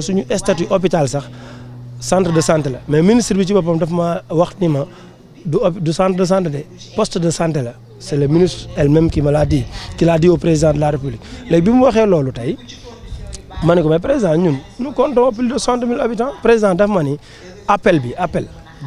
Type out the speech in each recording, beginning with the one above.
que suñu statut hôpital sax centre de santé la mais ministre bi ci boppam daf ma wax ni ma du centre de santé de de santé la c'est le ministre elle-même qui me l'a dit qui l'a dit au président de la république léegi bi mu waxee loolu tey ma ne ko mais président ñun nous comptons plus de cent mille habitants président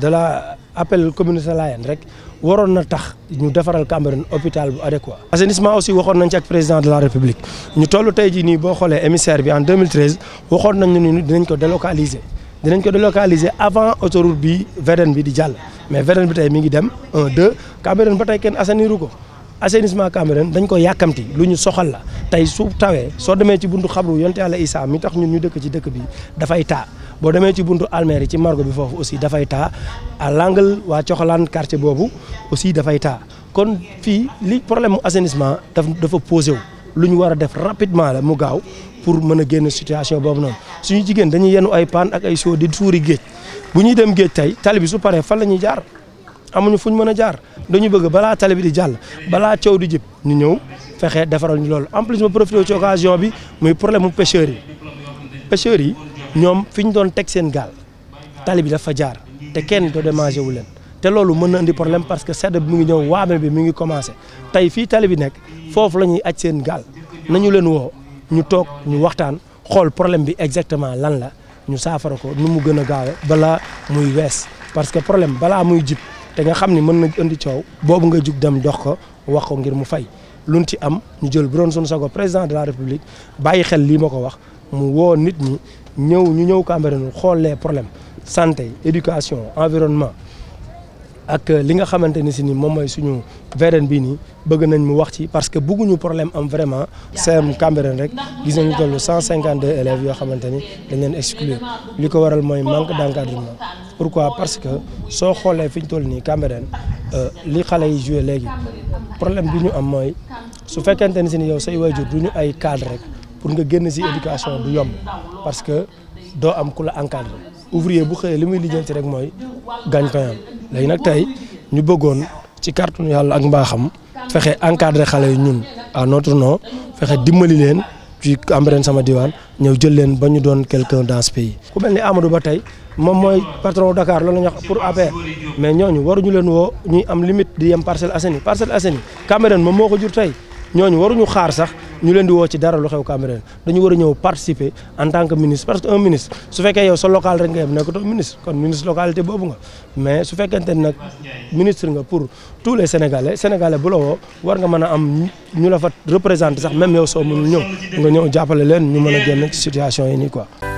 de la appel communauté Layène rek waroon na tax ñu defaral Cambérène hôpital bu adéquat. assainissement aussi waxoon nañ ci ak président de la république ñu toll tey jii nii boo xoolee émissaire bi en 2013 waxoon nañ ni dinañ ko délocaliser dinañ ko délocaliser avant autoroute bi VDN bi di jàll mais VDN bi tey mi ngi dem un deux Cambérène ba tey kenn assainiru ko. assainissement Cambérène dañ koy yàkkamti lu ñu soxal la tey su tawee soo demee ci buntu xabru yonte yàlla Isaa mi tax ñun ñu dëkk ci dëkk bi dafay taa boo demee ci buntu almeeri ci margo bi foofu aussi dafay taa à l'angle waa Coxolaan quartier boobu aussi dafay taa kon fii li problème mu assainissement daf dafa posé wu lu ñu war a def rapidement la mu gaaw pour mën a génn situation boobu noonu suñu jigéen dañuy yenu ay paan ak ay soo di suuri géej bu ñuy dem géej tey tali bi su paree fan la ñuy jaar amuñu ñu mën a jaar dañu bëgg balaa tali bi di jàll balaa coow di jib ñu ñëw fexe defaral ñu loolu en plus ma profité ci bi muy problème mu pêcheurs yi yi ñoom fi ñu doon teg seen gaal tali bi dafa jaar te kenn doo démangé wu leen te loolu mën na indi problème parce que sedd bi mu ngi ñëw waame bi mu ngi commencé tey fii tali bi nekk foofu la ñuy aj seen gaal nañu leen woo ñu toog ñu waxtaan xool problème bi exactement lan la ñu saafara ko nu mu gën a gaawe balaa muy wees parce que problème balaa muy jib te nga xam ni mën na indi coow boobu nga jug dem dox ko wax ko ngir mu fay luñ ci am ñu jël bu doon suñu sago président de la république bàyyi xel lii ma ko wax mu woo nit ñi ñëw ñu ñëw Cambérène xool lee problème santé éducation environnement ak li nga xamante ni si ni moom mooy suñu VDN bii nii. bëgg nañ mu wax ci parce que bëgguñu problème am vraiment CEM Cambérène rek gis nañu cinquante 152 élèves yoo xamante ni dañ leen exclure li ko waral mooy manque d' encadrement pourquoi parce que soo xoolee fi ñu toll nii Cambérène euh, li xale yi joué léegi problème bi ñu am mooy su fekkente ni si ni yow sa waajur du ñu ay cadre rek pour nga génn si éducation bu yomb parce que doo am ku la encadré ouvrier bu xëyee li muy ci rek mooy gagne-pain am léegi nag tey ñu bëggoon ci kàttanu yàlla ak mbaaxam fexe encadré xale yi ñun à notre nom fexe dimbali leen ci Cambérène sama diwaan ñëw jël leen ba ñu doon quelqu'un dans ce pays. ku mel ni Ba tey moom mooy patron Dakar loolu la pour APR mais ñooñu waruñu leen woo ñuy am limite di yem Parcelles Assainies Parcelles Assainies Cambérène moom moo ko jur tey ñooñu waruñu xaar sax. ñu leen di woo ci dara lu xew Cambérène dañu war a ñëw participer en tant que ministre parce que un ministre su fekkee yow sa local rek nga yem nekkatoo ministre kon ministre localité boobu nga mais su fekkente ne nag ministre nga pour tous les sénégalais sénégalais bu la war nga mën a am ñu la fa représenter sax même yow soo mënul ñëw nga ñëw jàppale leen ñu mën a génn ci situation yi nii